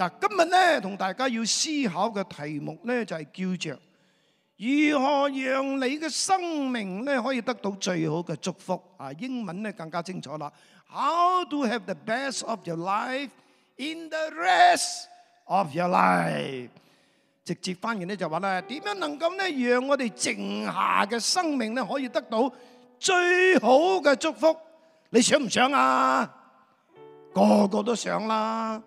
嗱，今日咧同大家要思考嘅題目咧就係叫做如何讓你嘅生命咧可以得到最好嘅祝福。啊，英文咧更加清楚啦。How to have the best of your life in the rest of your life。直接翻譯咧就話咧點樣能夠咧讓我哋剩下嘅生命咧可以得到最好嘅祝福？你想唔想啊？個個都想啦。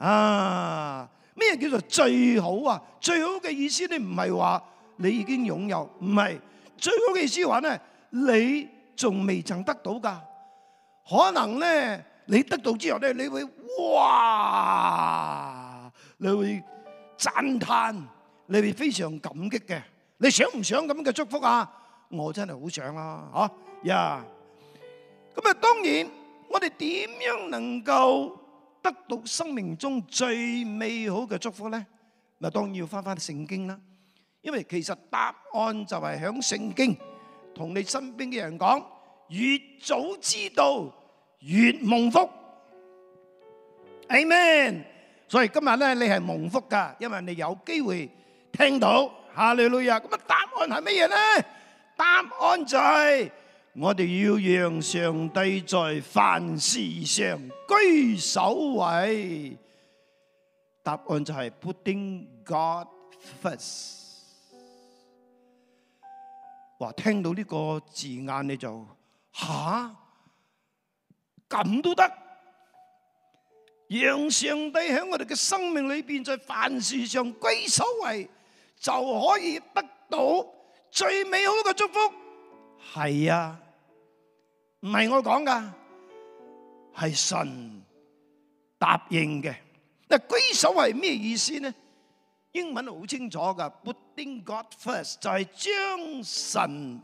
啊！咩叫做最好啊？最好嘅意思，你唔係話你已經擁有，唔係最好嘅意思話咧，你仲未曾得到噶。可能咧，你得到之後咧，你會哇，你會讚嘆，你會非常感激嘅。你想唔想咁嘅祝福啊？我真係好想啦，吓呀！咁啊，啊 yeah. 當然我哋點樣能夠？得到生命中最美好嘅祝福咧，咪當然要翻翻聖經啦。因為其實答案就係響聖經，同你身邊嘅人講，越早知道越蒙福。Amen。所以今日咧，你係蒙福噶，因為你有機會聽到下里老友。咁啊，答案係乜嘢咧？答案就係。我哋要讓上帝在凡事上居首位，答案就係 Putting God first。話，聽到呢個字眼你就吓，咁都得？讓上帝喺我哋嘅生命裏邊，在凡事上居首位，就可以得到最美好嘅祝福。係啊，唔係我講噶，係神答應嘅。那居首係咩意思呢？英文好清楚噶，putting God first 就係、是、將神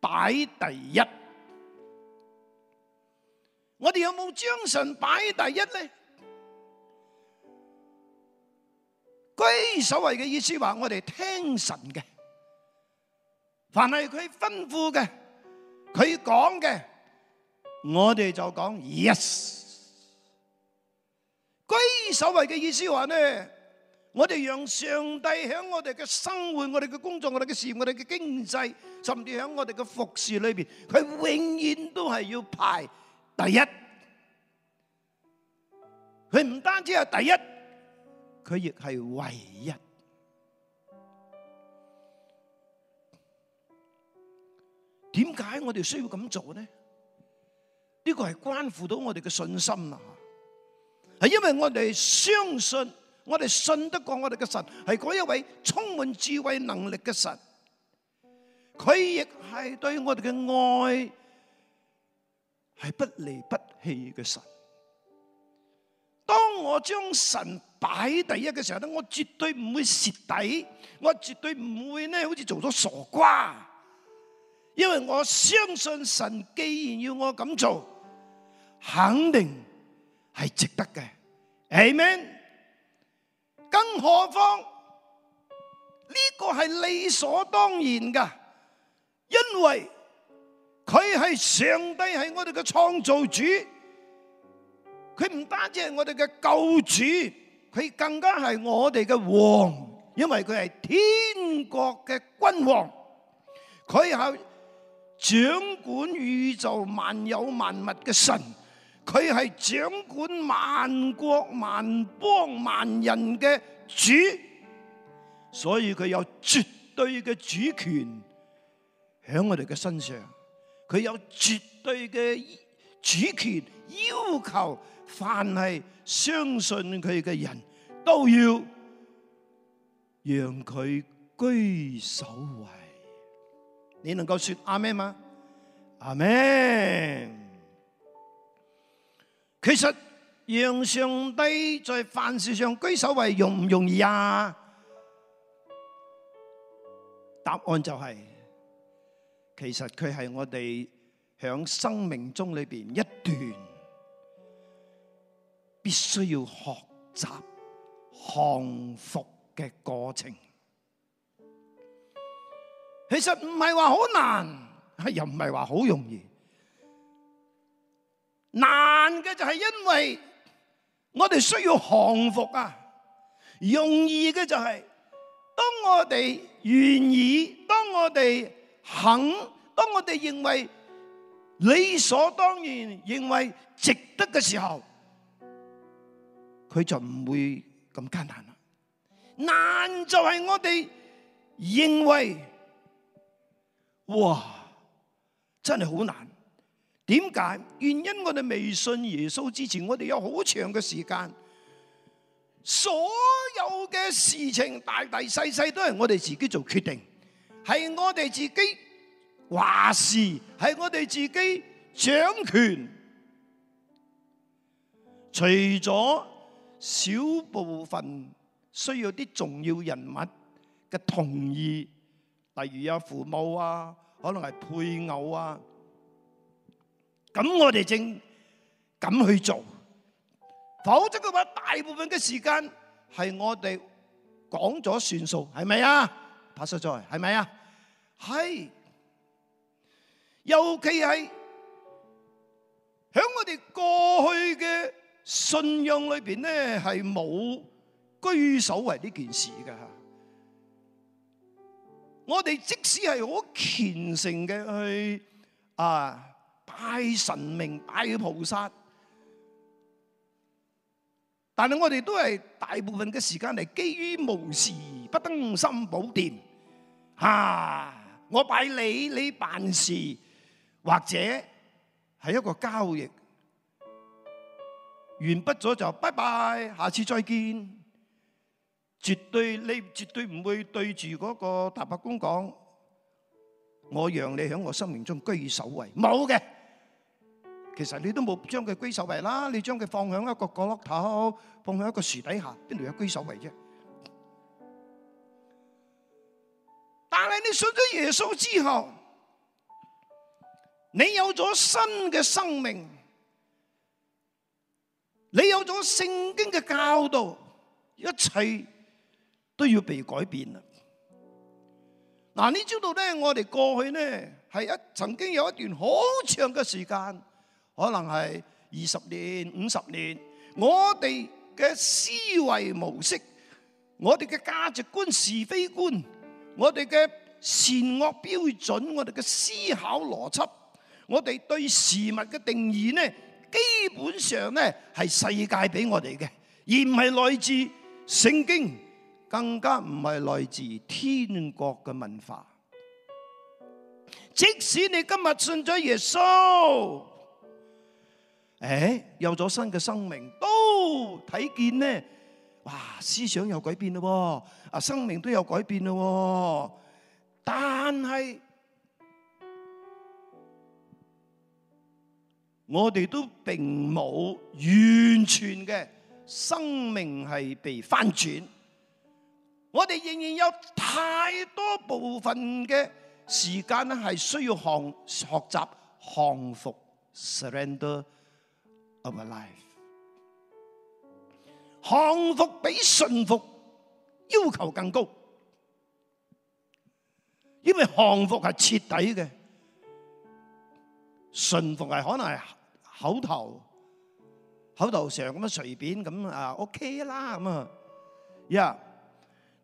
擺第一。我哋有冇將神擺第一呢？居首係嘅意思話，我哋聽神嘅。凡係佢吩咐嘅，佢講嘅，我哋就講 yes。居首位嘅意思話呢，我哋讓上帝響我哋嘅生活、我哋嘅工作、我哋嘅事、我哋嘅經濟，甚至響我哋嘅服侍裏邊，佢永遠都係要排第一。佢唔單止係第一，佢亦係唯一。點解我哋需要咁做呢？呢個係關乎到我哋嘅信心啦，係因為我哋相信，我哋信得過我哋嘅神，係嗰一位充滿智慧能力嘅神，佢亦係對我哋嘅愛係不離不棄嘅神。當我將神擺第一嘅時候咧，我絕對唔會蝕底，我絕對唔會咧，好似做咗傻瓜。因為我相信神既然要我咁做，肯定係值得嘅。Amen，更何況呢個係理所當然嘅，因為佢係上帝係我哋嘅創造主，佢唔單止係我哋嘅救主，佢更加係我哋嘅王，因為佢係天國嘅君王，佢係，掌管宇宙萬有萬物嘅神，佢係掌管萬國萬邦萬人嘅主，所以佢有絕對嘅主權響我哋嘅身上，佢有絕對嘅主權要求，凡係相信佢嘅人都要讓佢居首位。你能夠說阿們嗎？阿們？其實讓上帝在凡事上居首位，容唔容易啊？答案就係、是，其實佢係我哋響生命中裏邊一段必須要學習降服嘅過程。其實唔係話好難，又唔係話好容易。難嘅就係因為我哋需要降服啊。容易嘅就係當我哋願意，當我哋肯，當我哋認為理所當然，認為值得嘅時候，佢就唔會咁艱難啦。難就係我哋認為。哇！真係好難，點解？原因我哋未信耶穌之前，我哋有好長嘅時間，所有嘅事情大大細細都係我哋自己做決定，係我哋自己話事，係我哋自己掌權。除咗小部分需要啲重要人物嘅同意。例如啊，父母啊，可能係配偶啊，咁我哋正咁去做，否則嘅話，大部分嘅時間係我哋講咗算數，係咪啊？白實在係咪啊？係，尤其係響我哋過去嘅信仰裏邊咧，係冇居首位呢件事嘅。我哋即使係好虔誠嘅，去啊拜神明拜菩薩，但係我哋都係大部分嘅時間係基於無事不登三寶殿。吓、啊，我拜你，你辦事或者係一個交易完畢咗就拜拜，下次再見。絕對，你絕對唔會對住嗰個大伯公講，我讓你喺我生命中居首位，冇嘅。其實你都冇將佢居首位啦，你將佢放喺一個角落頭，放喺一個樹底下，邊度有居首位啫？但係你信咗耶穌之後，你有咗新嘅生命，你有咗聖經嘅教導，一切。都要被改變啦。嗱，你知道咧，我哋過去呢，係一曾經有一段好長嘅時間，可能係二十年、五十年，我哋嘅思維模式、我哋嘅價值觀、是非觀、我哋嘅善惡標準、我哋嘅思考邏輯、我哋對事物嘅定義呢，基本上呢係世界俾我哋嘅，而唔係來自聖經。更加唔係來自天國嘅文化，即使你今日信咗耶穌，誒，有咗新嘅生命，都睇見咧，哇，思想有改變咯，啊，生命都有改變咯，但係我哋都並冇完全嘅生命係被翻轉。我哋仍然有太多部分嘅時間咧，係需要學學習降服，surrender of a life。降服比信服要求更高，因為降服係徹底嘅，信服係可能係口頭、口頭上咁樣隨便咁啊 OK 啦咁啊，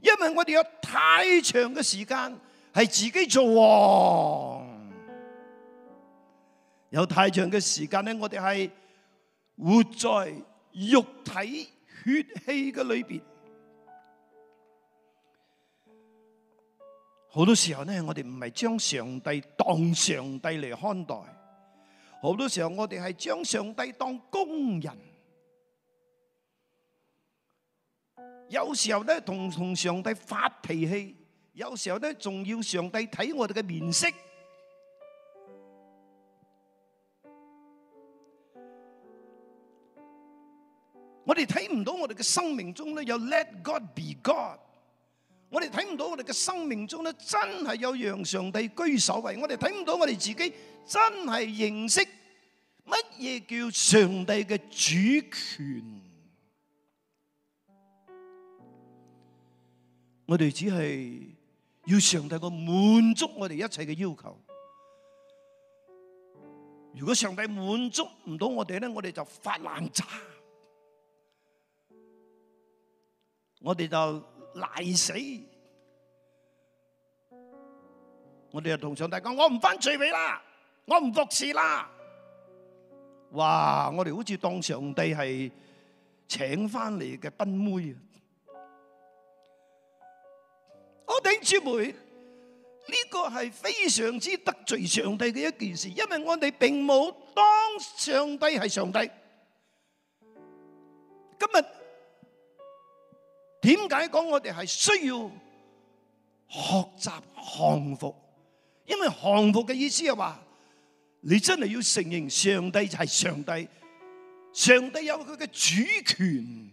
因為我哋有太長嘅時間係自己做，有太長嘅時間咧，我哋係活在肉體血氣嘅裏邊。好多時候咧，我哋唔係將上帝當上帝嚟看待，好多時候我哋係將上帝當工人。有時候咧同同上帝發脾氣，有時候咧仲要上帝睇我哋嘅面色，我哋睇唔到我哋嘅生命中咧有 Let God be God，我哋睇唔到我哋嘅生命中咧真係有讓上帝居首位，我哋睇唔到我哋自己真係認識乜嘢叫上帝嘅主權。我哋只係要上帝個滿足我哋一切嘅要求。如果上帝滿足唔到我哋咧，我哋就發爛渣，我哋就賴死，我哋就同上帝講：我唔翻聚會啦，我唔服侍啦。哇！我哋好似當上帝係請翻嚟嘅賓妹啊！我頂姊妹，呢個係非常之得罪上帝嘅一件事，因為我哋並冇當上帝係上帝。今日點解講我哋係需要學習降服？因為降服嘅意思係話，你真係要承認上帝就係上帝，上帝有佢嘅主權，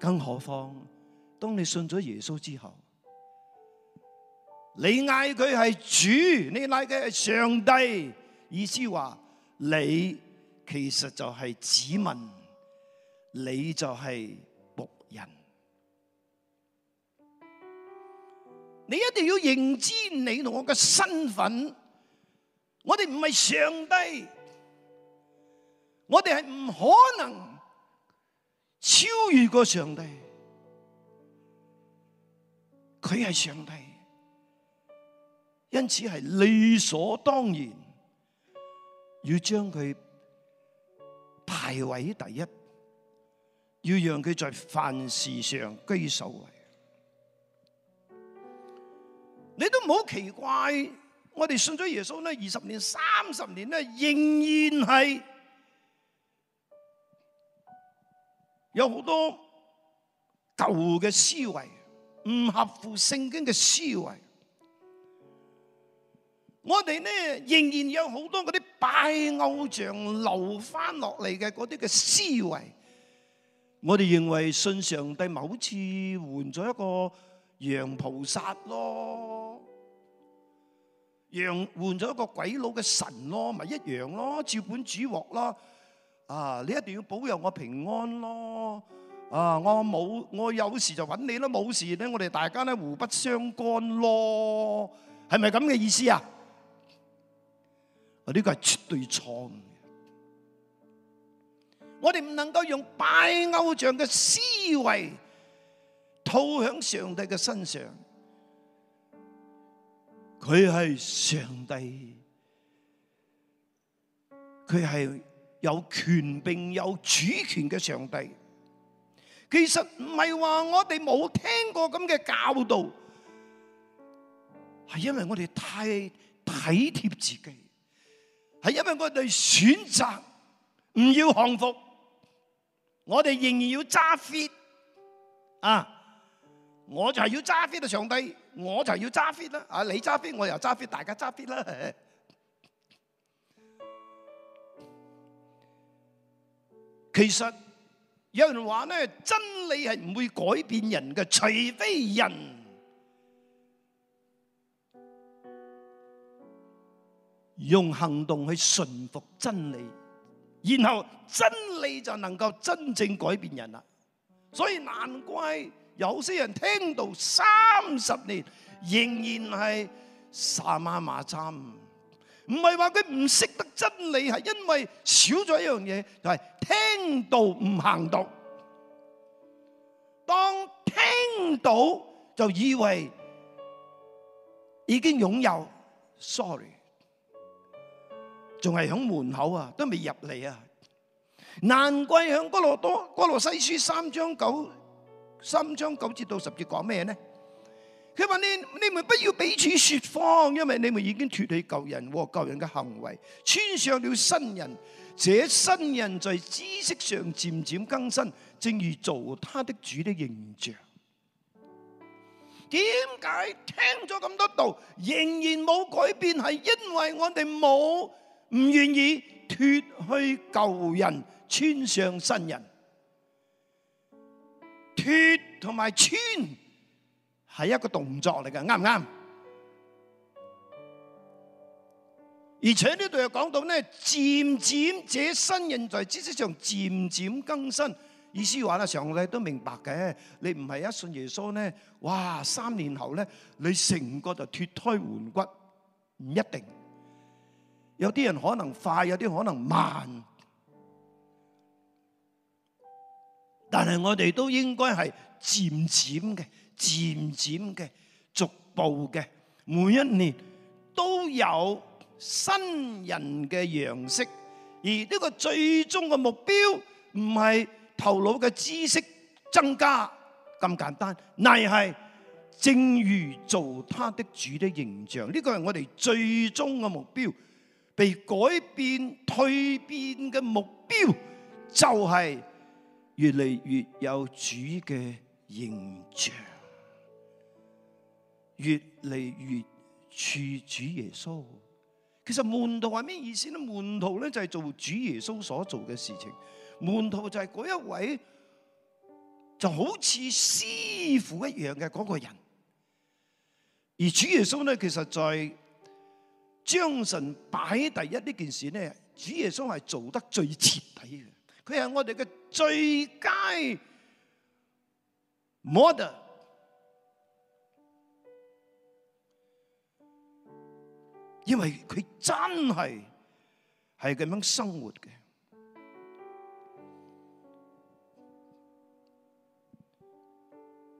更何況？當你信咗耶穌之後，你嗌佢係主，你嗌佢係上帝，意思話你其實就係子民，你就係僕人。你一定要認知你同我嘅身份，我哋唔係上帝，我哋係唔可能超越過上帝。佢係上帝，因此係理所當然要將佢排位第一，要讓佢在凡事上居首位。你都唔好奇怪，我哋信咗耶穌呢二十年，三十年呢，仍然係有好多舊嘅思維。唔合乎聖經嘅思維，我哋呢，仍然有好多嗰啲拜偶像留翻落嚟嘅嗰啲嘅思維，我哋認為信上帝咪好似換咗一個洋菩薩咯，洋換咗一個鬼佬嘅神咯，咪一樣咯，照板煮碗咯，啊，你一定要保佑我平安咯。啊！我冇，我有事就搵你咯，冇事咧，我哋大家咧互不相干咯，係咪咁嘅意思啊？啊！呢個係絕對錯誤嘅，我哋唔能夠用拜偶像嘅思維套響上帝嘅身上，佢係上帝，佢係有權並有主權嘅上帝。其實唔係話我哋冇聽過咁嘅教導，係因為我哋太體貼自己，係因為我哋選擇唔要降服，我哋仍然要揸 fit 啊！我就係要揸 fit 啊！上帝，我就係要揸 fit 啦！啊，你揸 fit，我又揸 fit，大家揸 fit 啦！其實。有人話咧，真理係唔會改變人嘅，除非人用行動去順服真理，然後真理就能夠真正改變人啦。所以難怪有些人聽到三十年，仍然係薩瑪馬參。唔係話佢唔識得真理，係因為少咗一樣嘢，就係聽道唔行道。當聽到就以為已經擁有，sorry，仲係響門口啊，都未入嚟啊！難怪響哥羅多、哥羅西書三章九，三章九節到十節講咩呢？佢話你，你們不要彼此說謊，因為你們已經脫去舊人和舊人嘅行為，穿上了新人。這新人在知識上漸漸更新，正如做他的主的形象。點解聽咗咁多道，仍然冇改變？係因為我哋冇，唔願意脫去舊人，穿上新人。脫同埋穿。係一個動作嚟嘅，啱唔啱？而且呢度又講到咧，漸漸這新人在知識上漸漸更新。意思話咧，常我哋都明白嘅。你唔係一信耶穌咧，哇，三年後咧，你成個就脱胎換骨，唔一定。有啲人可能快，有啲可能慢，但係我哋都應該係漸漸嘅。漸漸嘅、逐步嘅，每一年都有新人嘅樣式。而呢個最終嘅目標唔係頭腦嘅知識增加咁簡單，乃係正如做他的主的形象。呢、這個係我哋最終嘅目標，被改變、蛻變嘅目標就係、是、越嚟越有主嘅形象。越嚟越似主耶穌，其實門徒係咩意思咧？門徒咧就係做主耶穌所做嘅事情，門徒就係嗰一位就好似師傅一樣嘅嗰個人。而主耶穌咧，其實在將神擺喺第一呢件事呢，主耶穌係做得最徹底嘅。佢係我哋嘅最佳 model、er。因為佢真係係咁樣生活嘅，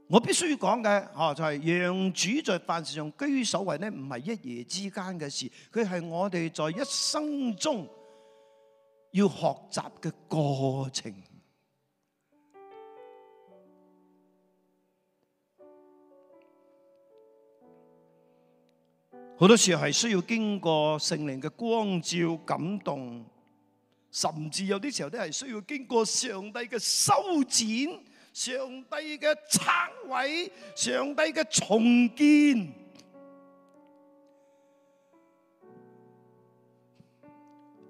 我必須要講嘅哦，就係讓主在凡事上居首位，呢唔係一夜之間嘅事，佢係我哋在一生中要學習嘅過程。好多時候係需要經過聖靈嘅光照、感動，甚至有啲時候都係需要經過上帝嘅修剪、上帝嘅拆毀、上帝嘅重建。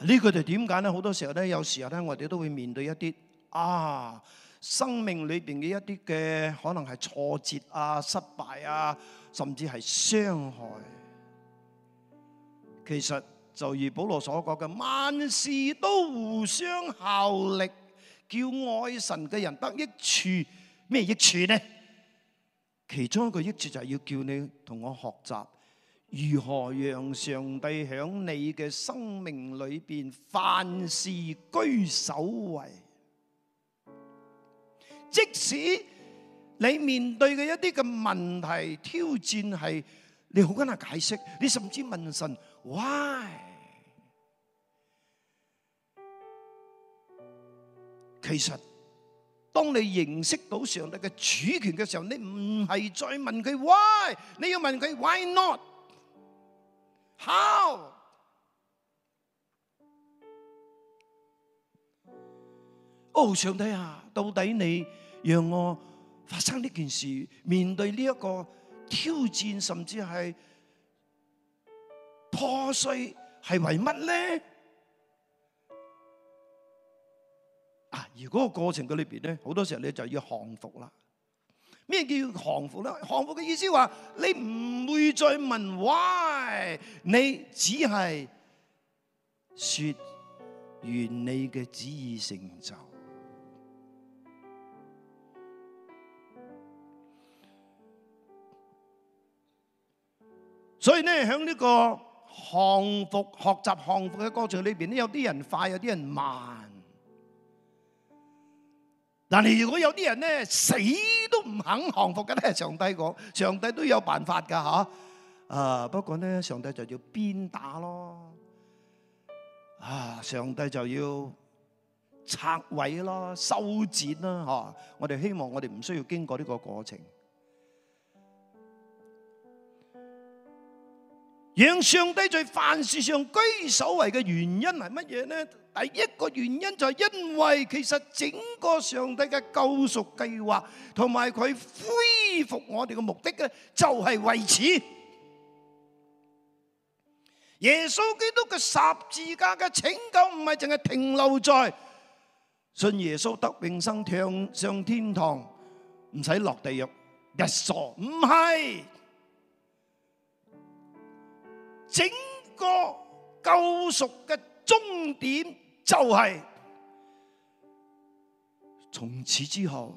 呢個就點解咧？好多時候咧，有時候咧，我哋都會面對一啲啊，生命裏邊嘅一啲嘅可能係挫折啊、失敗啊，甚至係傷害。其實就如保羅所講嘅，萬事都互相效力，叫愛神嘅人得益處。咩益處呢？其中一個益處就係要叫你同我學習如何讓上帝響你嘅生命裏邊凡事居首位，即使你面對嘅一啲嘅問題挑戰係，你好艱難解釋，你甚至問神。Why？其實當你認識到上帝嘅主權嘅時候，你唔係再問佢 why，你要問佢 why not？How？哦，上帝啊，到底你讓我發生呢件事，面對呢一個挑戰，甚至係？破碎係為乜咧？啊！如果個過程嘅裏邊咧，好多時候你就要降服啦。咩叫降服咧？降服嘅意思話，你唔會再問 why，你只係說完你嘅旨意成就。所以咧，響呢個。降服，學習降服嘅過程裏邊咧，有啲人快，有啲人慢。但係如果有啲人咧，死都唔肯降服嘅咧，上帝講，上帝都有辦法噶吓。啊，不過咧，上帝就要鞭打咯。啊，上帝就要拆毀咯，修剪啦吓。我哋希望我哋唔需要經過呢個過程。讓上帝在凡事上居首位嘅原因係乜嘢呢？第一個原因就係因為其實整個上帝嘅救贖計劃同埋佢恢復我哋嘅目的嘅就係為此。耶穌基督嘅十字架嘅拯救唔係淨係停留在信耶穌得永生、跳上天堂，唔使落地獄。that’s 傻，唔係。整個救贖嘅終點就係，從此之後，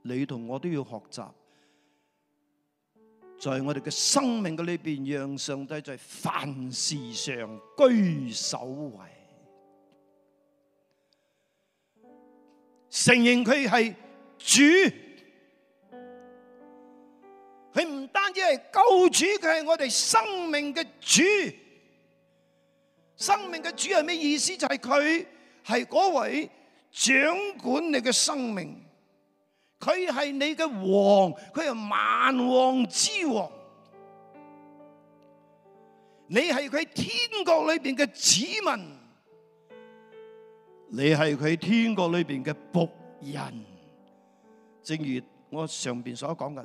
你同我都要學習，在我哋嘅生命嘅裡邊，讓上帝在凡事上居首位，承認佢係主。佢唔單止係救主，佢係我哋生命嘅主。生命嘅主係咩意思？就係佢係嗰位掌管你嘅生命，佢係你嘅王，佢係萬王之王。你係佢天國裏邊嘅子民，你係佢天國裏邊嘅僕人。正如我上邊所講嘅。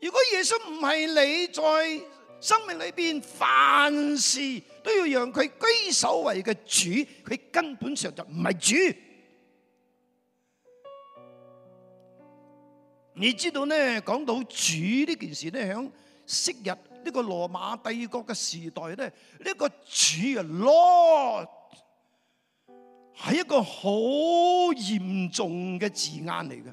如果耶穌唔係你在生命裏邊凡事都要讓佢居首位嘅主，佢根本上就唔係主。你知道呢？講到主呢件事呢，響昔日呢個羅馬帝國嘅時代呢，呢個主啊 Lord 係一個好嚴重嘅字眼嚟嘅。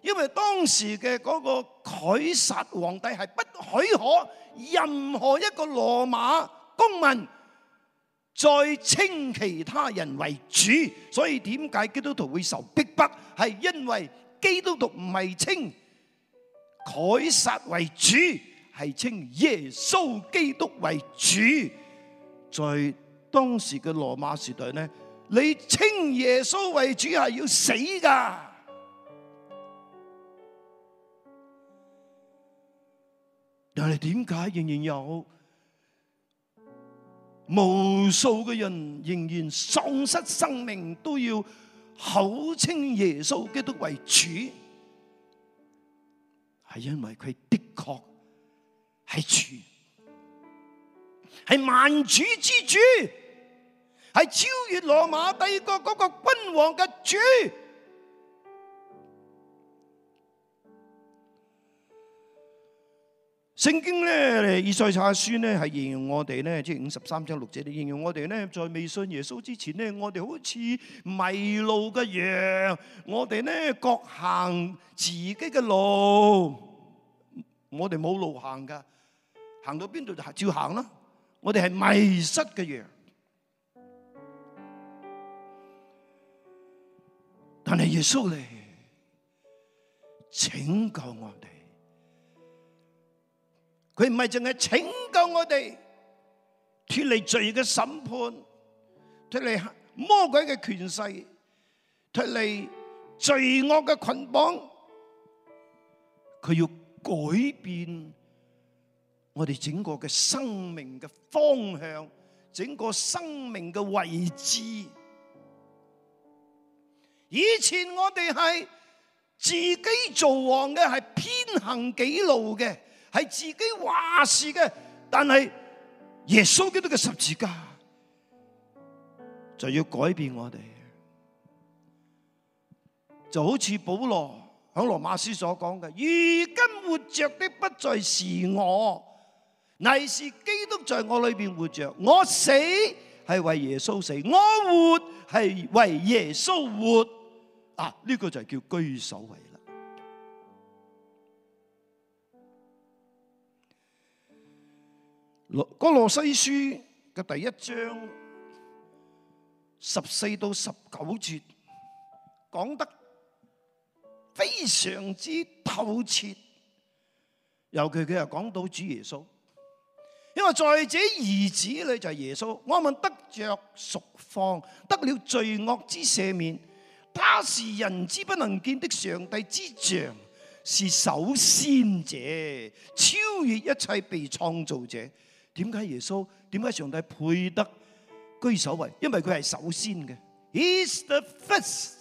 因為當時嘅嗰個凱撒皇帝係不許可任何一個羅馬公民再稱其他人為主，所以點解基督徒?會受逼迫？係因為基督徒唔係稱凱撒為主，係稱耶穌基督為主。在當時嘅羅馬時代呢，你稱耶穌為主係要死噶。但係點解仍然有無數嘅人仍然喪失生命都要口稱耶穌基督為主？係因為佢的確係主，係萬主之主，係超越羅馬帝國嗰個君王嘅主。聖經咧，呢《以賽亞書》咧係形容我哋咧，即係五十三章六節都形容我哋咧，在未信耶穌之前咧，我哋好似迷路嘅羊，我哋咧各行自己嘅路，我哋冇路行噶，行到邊度就照行啦。我哋係迷失嘅羊，但係耶穌嚟拯救我哋。佢唔係淨係拯救我哋脫離罪嘅審判，脫離魔鬼嘅權勢，脫離罪惡嘅捆綁。佢要改變我哋整個嘅生命嘅方向，整個生命嘅位置。以前我哋係自己做王嘅，係偏行己路嘅。係自己話事嘅，但係耶穌基督嘅十字架就要改變我哋，就好似保羅響羅馬斯所講嘅，如今活着的不再是我，乃是基督在我裏邊活着。我死係為耶穌死，我活係為耶穌活。啊，呢、這個就係叫居首位。《哥羅西書》嘅第一章十四到十九節講得非常之透徹，尤其佢又講到主耶穌，因為在這兒子裏就係耶穌，我們得着贖放，得了罪惡之赦免。他是人之不能見的上帝之像，是首先者，超越一切被創造者。點解耶穌？點解上帝配得居首位？因為佢係首先嘅，He's the first。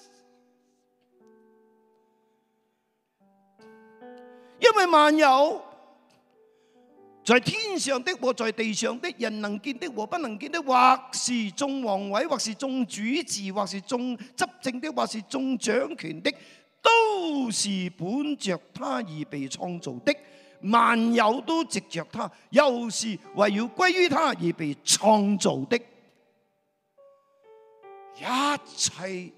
因為萬有在天上的和在地上的，人能見的和不能見的，或是眾王位，或是眾主治，或是眾執政的，或是眾掌權的，都是本着他而被創造的。萬有都藉着他，又是為要歸於他而被創造的，一切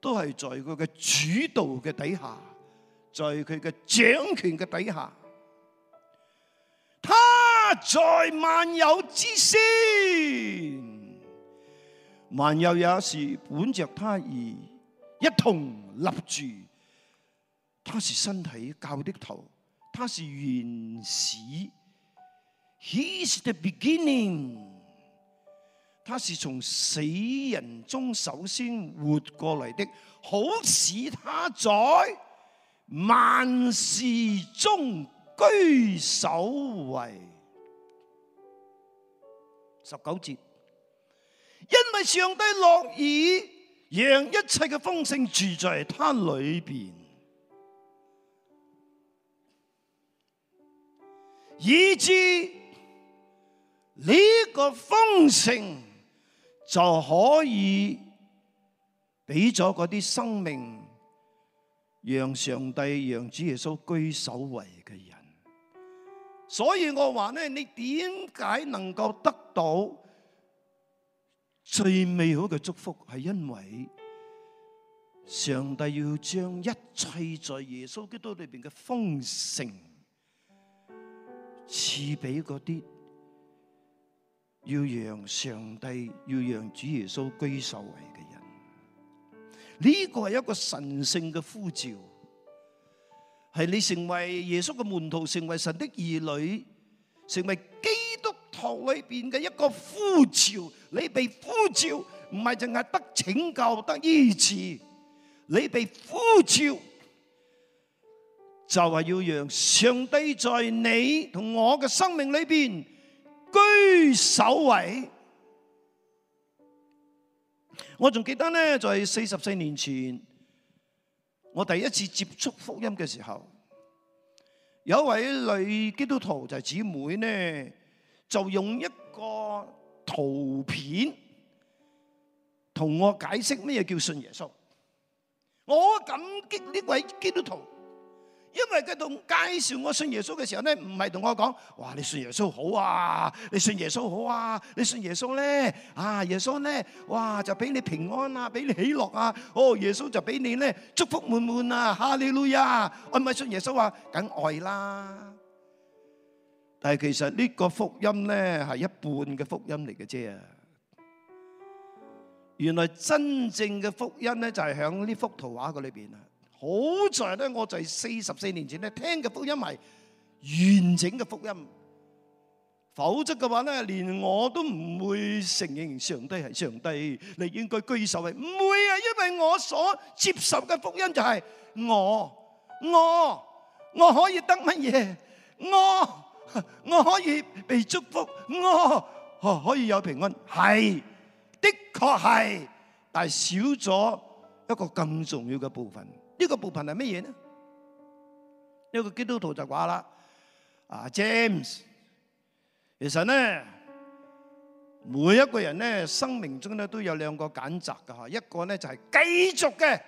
都係在佢嘅主導嘅底下，在佢嘅掌權嘅底下，他在萬有之先，萬有也是本着他而一同立住，他是身體教的頭。他是原始，He is the beginning。他是從死人中首先活過嚟的，好使他在萬事中居首位。十九節，因為上帝樂意讓一切嘅豐盛住在他裏邊。以至呢個豐盛就可以俾咗嗰啲生命，讓上帝、讓主耶穌居首位嘅人。所以我話咧，你點解能夠得到最美好嘅祝福，係因為上帝要將一切在耶穌基督裏邊嘅豐盛。賜俾嗰啲要讓上帝要讓主耶穌居首位嘅人，呢、這個係一個神聖嘅呼召，係你成為耶穌嘅門徒，成為神的兒女，成為基督徒裏邊嘅一個呼召。你被呼召，唔係淨係得拯救，得醫治，你被呼召。就係要讓上帝在你同我嘅生命裏邊居首位。我仲記得咧，在四十四年前，我第一次接觸福音嘅時候，有一位女基督徒就係姊妹咧，就用一個圖片同我解釋咩叫信耶穌。我感激呢位基督徒。因為佢同介紹我信耶穌嘅時候咧，唔係同我講，哇！你信耶穌好啊，你信耶穌好啊，你信耶穌咧，啊！耶穌咧，哇！就俾你平安啊，俾你喜樂啊，哦！耶穌就俾你咧祝福滿滿啊，哈利路亞！我咪信耶穌啊？梗愛啦。但係其實呢個福音咧係一半嘅福音嚟嘅啫。原來真正嘅福音咧就係響呢幅圖畫個裏邊啊。好在咧，我就係四十四年前咧聽嘅福音係完整嘅福音，否則嘅話咧，連我都唔會承認上帝係上帝，你應該居首位唔會啊，因為我所接受嘅福音就係我我我可以得乜嘢？我我可以被祝福？我可可以有平安？係的確係，但係少咗一個更重要嘅部分。呢個部分係乜嘢呢？呢、這個基督徒就話啦：啊 James，其實呢，每一個人呢生命中呢都有兩個揀擇㗎吓，一個呢就係繼續嘅，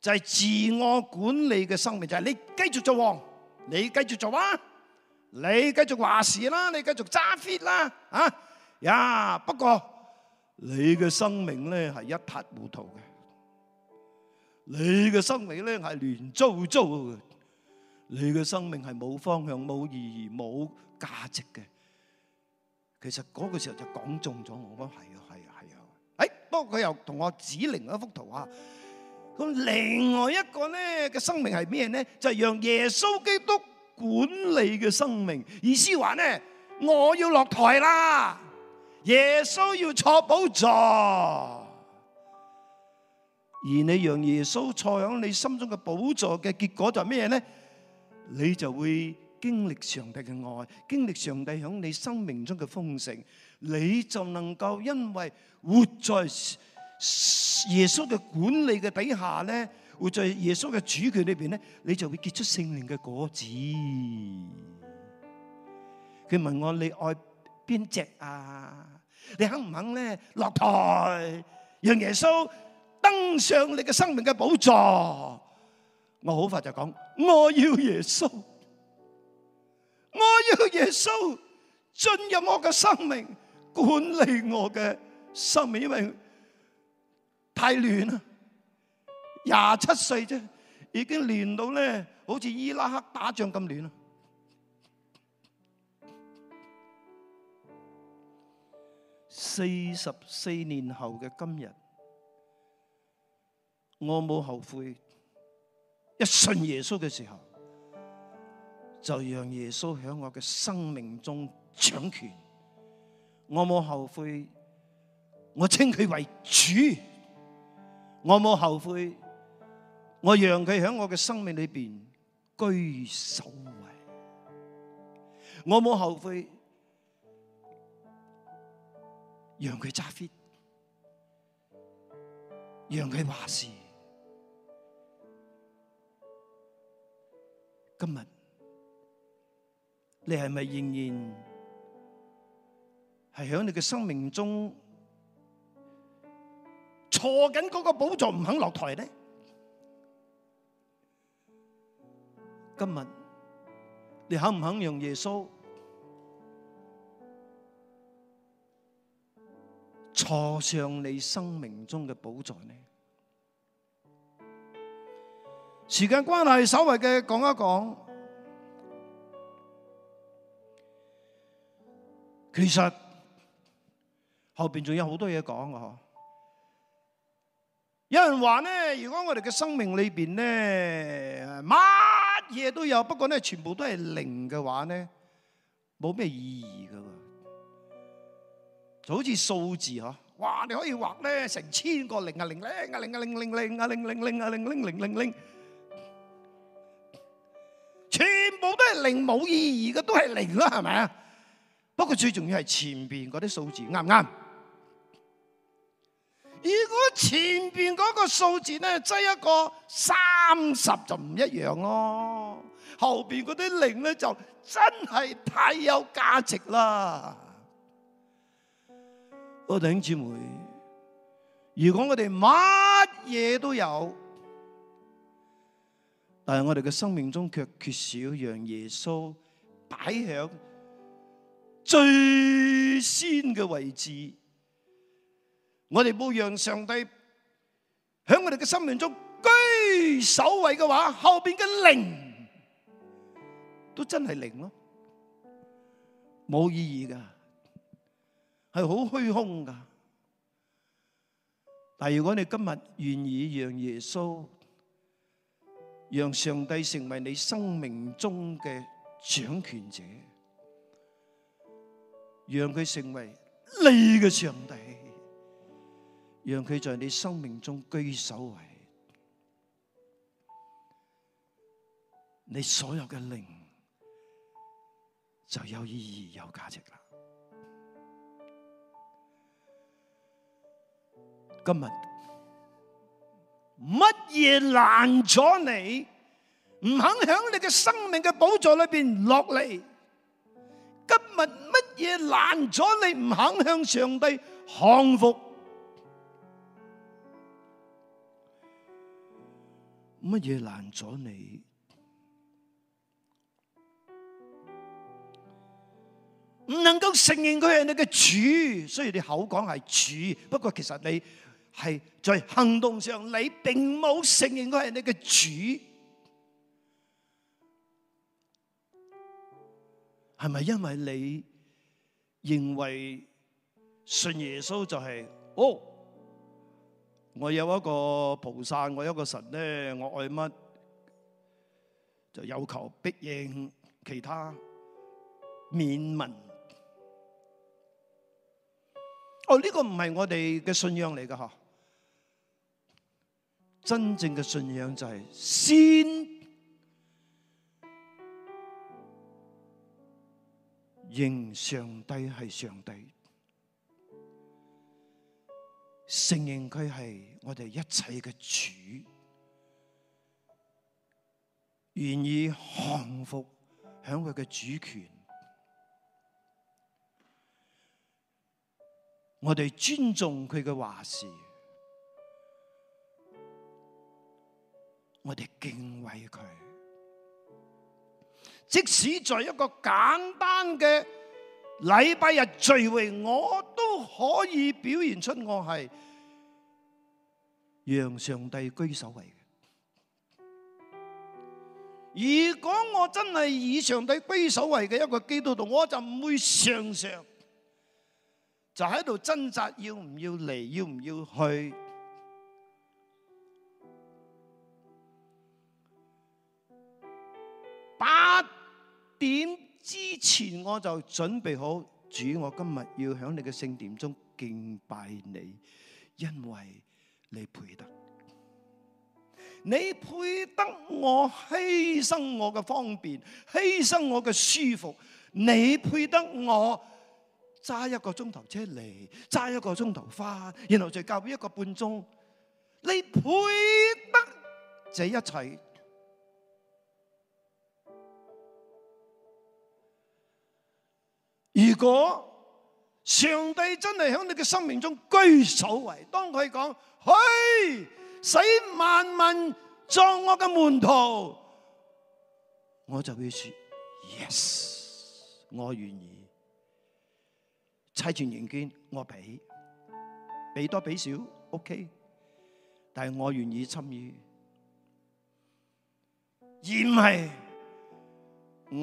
就係、是就是、自我管理嘅生命，就係、是、你繼續做王，你繼續做，繼續做繼續繼續續啊，你繼續話事啦，你繼續揸 fit 啦，嚇呀！不過你嘅生命呢係一塌糊塗嘅。你嘅生命咧係亂糟糟嘅，你嘅生命係冇方向、冇意義、冇價值嘅。其實嗰個時候就講中咗我，我係啊係啊係啊，啊！哎，不過佢又同我指另一幅圖啊。咁另外一個咧嘅生命係咩咧？就係讓耶穌基督管理嘅生命，意思話咧，我要落台啦，耶穌要坐寶座。而你讓耶穌坐響你心中嘅寶座嘅結果就係咩呢？你就會經歷上帝嘅愛，經歷上帝響你生命中嘅豐盛，你就能夠因為活在耶穌嘅管理嘅底下咧，活在耶穌嘅主權裏邊咧，你就會結出聖靈嘅果子。佢問我，你愛邊隻啊？你肯唔肯咧落台讓耶穌登上你嘅生命嘅寶座，我好快就講，我要耶穌，我要耶穌進入我嘅生命，管理我嘅生命，因為太亂啦。廿七歲啫，已經亂到咧，好似伊拉克打仗咁亂啦！四十四年後嘅今日。我冇後悔，一信耶穌嘅時候，就讓耶穌響我嘅生命中掌權。我冇後悔，我稱佢為主。我冇後悔，我讓佢響我嘅生命裏邊居首位。我冇後悔，讓佢揸 fit，讓佢話事。今日你係咪仍然係喺你嘅生命中坐緊嗰個寶座唔肯落台呢？今日你肯唔肯讓耶穌坐上你生命中嘅寶座呢？時間關係，稍微嘅講一講。其實後邊仲有好多嘢講㗎嗬。有人話咧，如果我哋嘅生命裏邊咧，乜嘢都有，不過咧全部都係零嘅話咧，冇咩意義㗎。就好似數字嗬，哇你可以畫咧成千個零啊零零啊零啊零零零啊零零零啊零零零零零。零冇意義嘅都係零啦，係咪啊？不過最重要係前邊嗰啲數字啱唔啱？如果前邊嗰個數字咧，擠一個三十就唔一樣咯。後邊嗰啲零咧，就真係太有價值啦。我弟兄姊妹，如果我哋乜嘢都有。但係我哋嘅生命中，卻缺少讓耶穌擺響最先嘅位置。我哋冇讓上帝喺我哋嘅生命中居首位嘅話，後邊嘅零都真係零咯，冇意義噶，係好虛空噶。但係如果你今日願意讓耶穌，讓上帝成為你生命中嘅掌權者，讓佢成為你嘅上帝，讓佢在你生命中居首位，你所有嘅靈就有意義、有價值啦。今日。乜嘢攔咗你？唔肯響你嘅生命嘅寶座裏邊落嚟。今日乜嘢攔咗你？唔肯向上帝降服。乜嘢攔咗你？唔能夠承認佢係你嘅主，雖然你口講係主，不過其實你。係在行動上，你並冇承認佢係你嘅主，係咪因為你認為信耶穌就係哦，我有一個菩薩，我有一個神咧，我愛乜就有求必應，其他免問。哦，呢個唔係我哋嘅信仰嚟噶吓。真正嘅信仰就係先認上帝係上帝，承認佢係我哋一切嘅主，願意降服響佢嘅主權，我哋尊重佢嘅話事。我哋敬畏佢，即使在一個簡單嘅禮拜日聚會，我都可以表現出我係讓上帝居首位嘅。如果我真係以上帝居首位嘅一個基督徒，我就唔會常常就喺度掙扎，要唔要嚟，要唔要去。八點之前我就準備好，主，我今日要喺你嘅聖殿中敬拜你，因為你配得，你配得我犧牲我嘅方便，犧牲我嘅舒服，你配得我揸一個鐘頭車嚟，揸一個鐘頭返，然後再教一個半鐘，你配得這一切。如果上帝真係喺你嘅生命中居首位，當佢講：去，使萬民作我嘅門徒，我就會說：Yes，我願意。差錢元捐，我俾，俾多俾少，OK。但係我願意參與，而唔係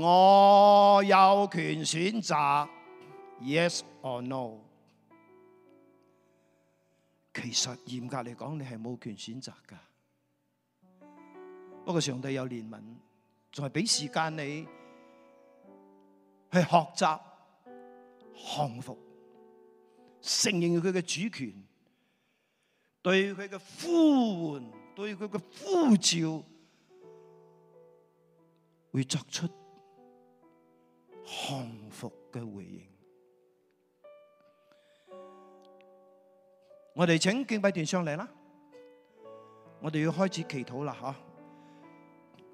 我有權選擇。Yes or no？其實嚴格嚟講，你係冇權選擇噶。不過上帝有憐憫，仲係俾時間你去學習降服，承認佢嘅主權，對佢嘅呼喚，對佢嘅呼召，會作出降服嘅回應。我哋請敬拜團上嚟啦，我哋要開始祈禱啦嗬。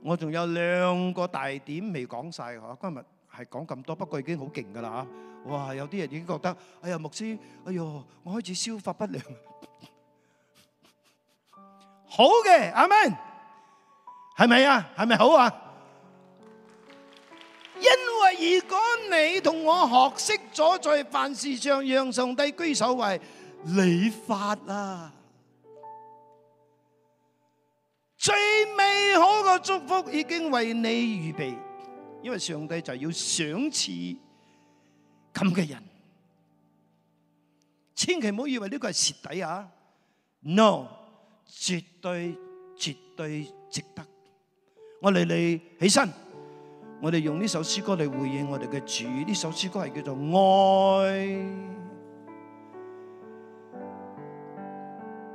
我仲有兩個大點未講晒嗬，今日係講咁多，不過已經好勁噶啦吓。哇，有啲人已經覺得，哎呀，牧師，哎喲，我開始消化不良。好嘅，阿門，係咪啊？係咪好啊？因為如果你同我學識咗在凡事上讓上帝居首位。理發啦，啊，最美好嘅祝福已經為你預備，因為上帝就要賞賜咁嘅人，千祈唔好以為呢個係蝕底啊！No，絕對絕對值得。我哋你起身，我哋用呢首詩歌嚟,回應我哋嘅主，呢首詩歌係叫做愛。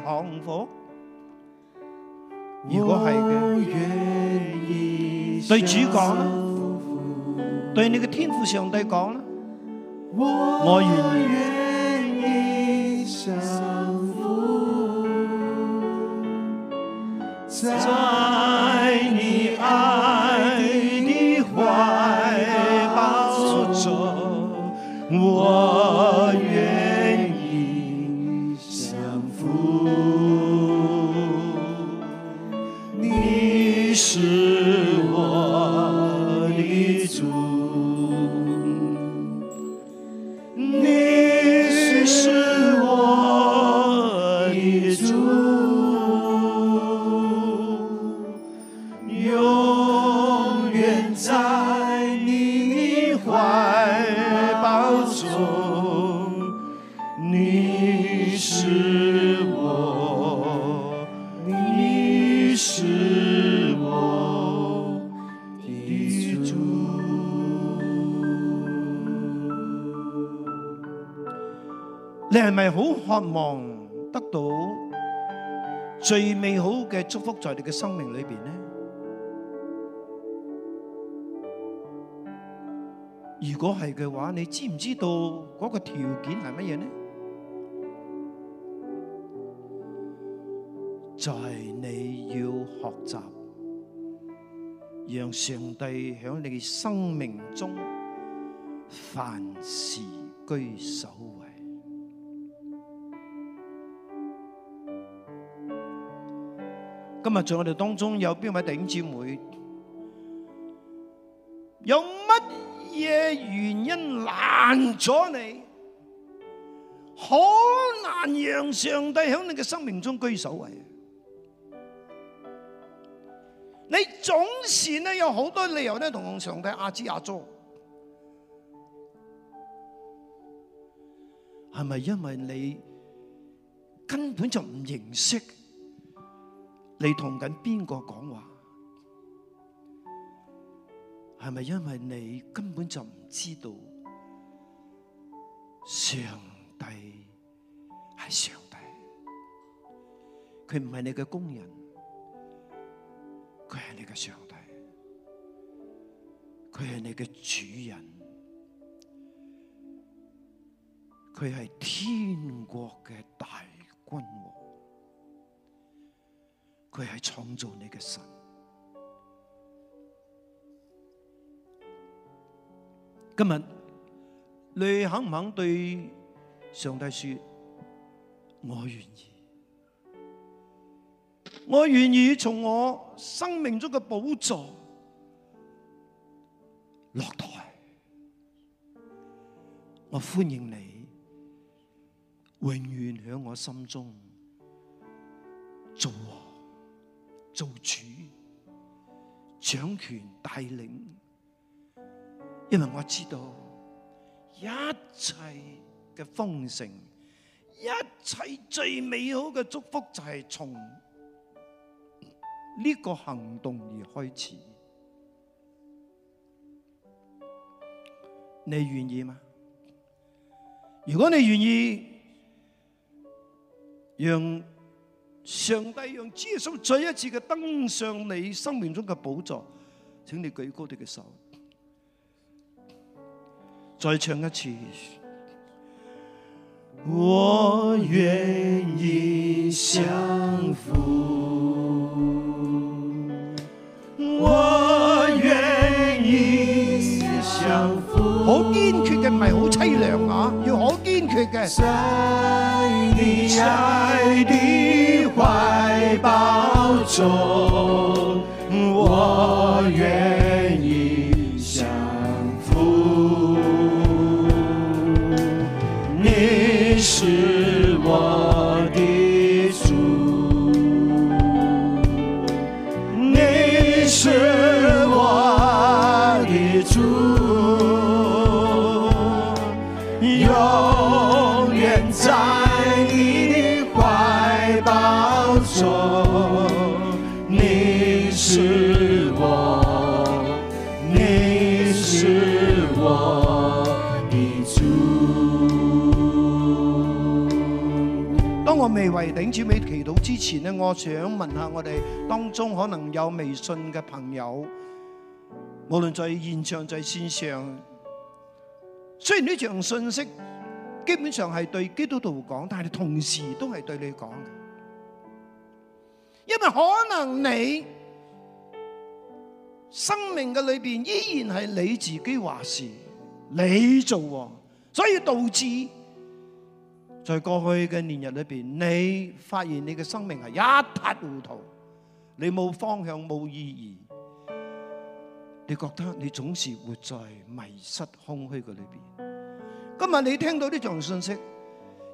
好福，如果係嘅，對主講啦，對你嘅天父上帝講啦，我願意。祝福在你嘅生命裏邊呢？如果係嘅話，你知唔知道嗰個條件係乜嘢呢？在你要學習，讓上帝響你生命中凡事居首位。今日在我哋當中有邊位弟兄姊妹，有乜嘢原因攔咗你？好難讓上帝喺你嘅生命中居首位。你總是咧有好多理由咧同上帝阿支阿咗，係咪因為你根本就唔認識？你同緊邊個講話？係咪因為你根本就唔知道上帝係上帝？佢唔係你嘅工人，佢係你嘅上帝，佢係你嘅主人，佢係天國嘅大君王。佢係創造你嘅神。今日，你肯唔肯對上帝說：我願意，我願意從我生命中嘅寶座落台。我歡迎你，永遠響我心中做王。做主掌權帶領，因為我知道一切嘅豐盛，一切最美好嘅祝福就係從呢個行動而開始。你願意嗎？如果你願意，讓上帝讓耶穌再一次嘅登上你生命中嘅寶座，請你舉高你嘅手，再唱一次。我願意降服，我願意降服。好堅決嘅，唔係好凄涼啊，在你愛的懷抱中，我願。未為頂尖尾祈禱之前咧，我想問下我哋當中可能有未信嘅朋友，無論在現場、在綫上，雖然呢場信息基本上係對基督徒講，但係同時都係對你講嘅，因為可能你生命嘅裏邊依然係你自己話事、你做，所以導致。在過去嘅年日裏邊，你發現你嘅生命係一塌糊塗，你冇方向，冇意義，你覺得你總是活在迷失空虛嘅裏邊。今日你聽到呢種信息，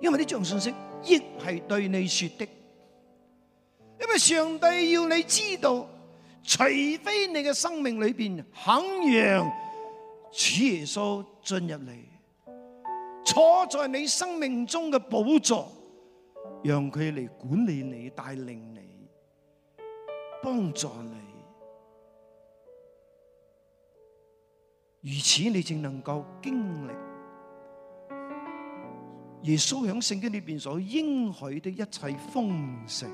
因為呢種信息亦係對你說的，因為上帝要你知道，除非你嘅生命裏邊肯讓主耶穌進入嚟。坐在你生命中嘅寶座，讓佢嚟管理你、帶領你、幫助你，如此你正能夠經歷耶穌喺聖經裏面所應許的一切豐盛，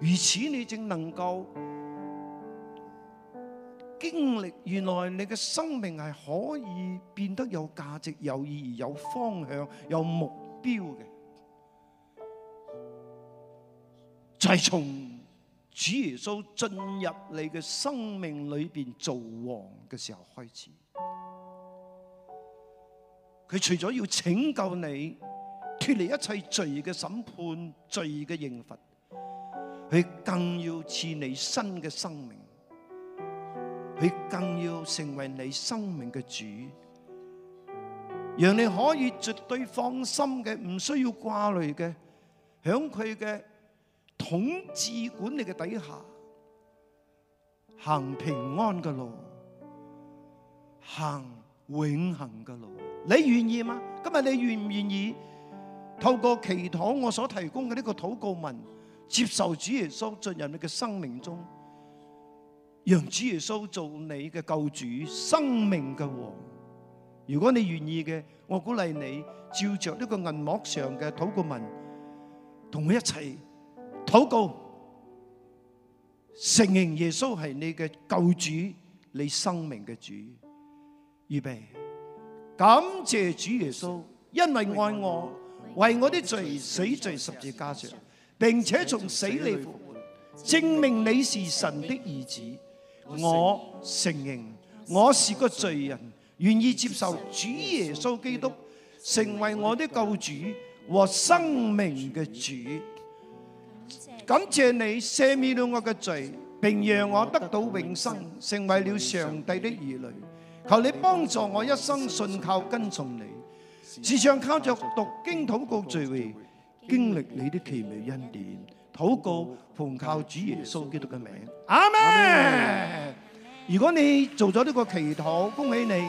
如此你正能夠。經歷原來你嘅生命係可以變得有價值、有意義、有方向、有目標嘅，就係從主耶穌進入你嘅生命裏邊做王嘅時候開始。佢除咗要拯救你，脫離一切罪嘅審判、罪嘅刑罰，佢更要賜你新嘅生命。佢更要成為你生命嘅主，讓你可以絕對放心嘅，唔需要掛慮嘅，喺佢嘅統治管理嘅底下行平安嘅路，行永恆嘅路。你願意嗎？今日你願唔願意透過祈禱我所提供嘅呢個禱告文，接受主耶穌進入你嘅生命中？讓主耶穌做你嘅救主、生命嘅王。如果你願意嘅，我鼓勵你照着呢個銀幕上嘅禱告文，同佢一齊禱告，承認耶穌係你嘅救主、你生命嘅主。預備，感謝主耶穌，因為愛我，為我啲罪死在十字架上，並且從死裏復活，證明你是神的兒子。我承認我是個罪人，願意接受主耶穌基督成為我的救主和生命嘅主。感謝你赦免了我嘅罪，並讓我得到永生，成為了上帝的兒女。求你幫助我一生信靠跟從你。時常靠着讀經禱告聚會，經歷你的奇妙恩典。禱告，奉靠主耶穌基督嘅名，阿門。們們如果你做咗呢個祈禱，恭喜你，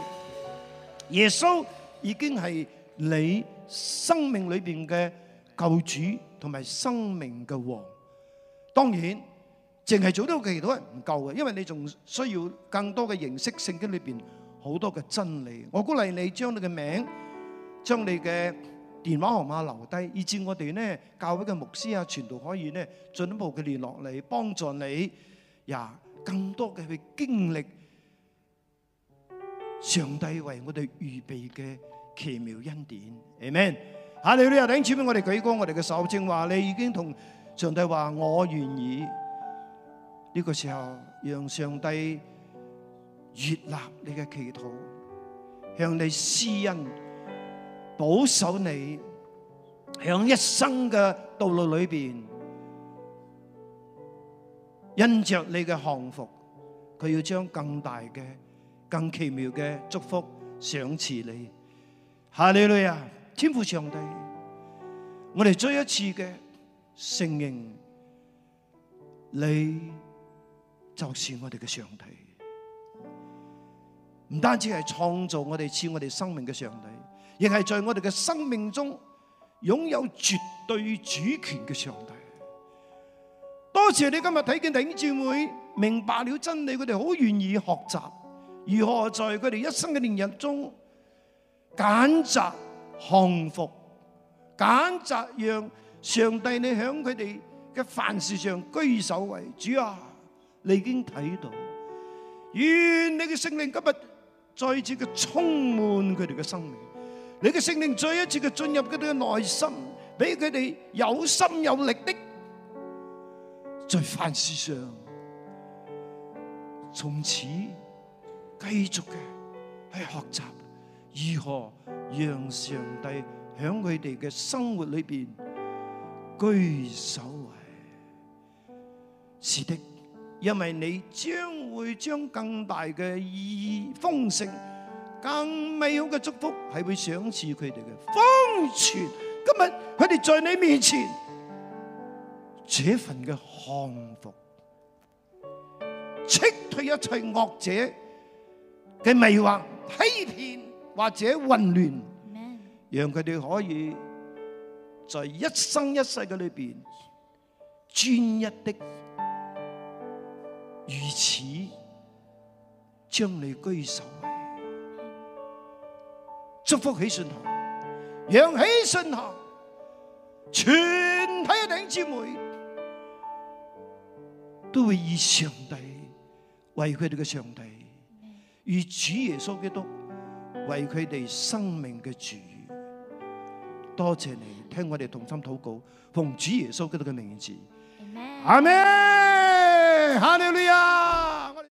耶穌已經係你生命裏邊嘅救主同埋生命嘅王。當然，淨係做呢個祈禱係唔夠嘅，因為你仲需要更多嘅認識聖經裏邊好多嘅真理。我鼓勵你將你嘅名，將你嘅。電話號碼留低，以至我哋呢教會嘅牧師啊，全都可以呢進一步嘅聯絡你，幫助你呀，更多嘅去經歷上帝為我哋預備嘅奇妙恩典。Amen，下你呢又等住我哋舉高我哋嘅手，正話你已經同上帝話我願意呢、這個時候，讓上帝悅納你嘅祈禱，向你施恩。保守你響一生嘅道路裏邊，因着你嘅降服，佢要將更大嘅，更奇妙嘅祝福賞賜你。哈利路亞！天父上帝，我哋再一次嘅承認，你就是我哋嘅上帝。唔單止係創造我哋，賜我哋生命嘅上帝。亦係在我哋嘅生命中擁有絕對主權嘅上帝。多謝你今日睇見頂住會明白了真理，佢哋好願意學習如何在佢哋一生嘅年日中揀擇降服，揀擇讓上帝你響佢哋嘅凡事上居首為主啊！你已經睇到，願你嘅聖靈今日再次嘅充滿佢哋嘅生命。你嘅聖靈再一次嘅進入佢哋嘅內心，俾佢哋有心有力的在凡事上，從此繼續嘅去學習如何讓上帝響佢哋嘅生活裏邊居首位。是的，因為你將會將更大嘅意義豐盛。更美好嘅祝福係會賞賜佢哋嘅，封存今日佢哋在你面前，這份嘅幸福，斥退一切惡者嘅迷惑、欺騙或者混亂，Amen. 讓佢哋可以在一生一世嘅裏邊，專一的如此將你居首。祝福起信行，揚起信行，全體弟兄姊妹都會以上帝為佢哋嘅上帝，以主耶穌基督為佢哋生命嘅主。多謝你聽我哋同心禱告，奉主耶穌基督嘅名字。阿門，阿門，哈利路亞。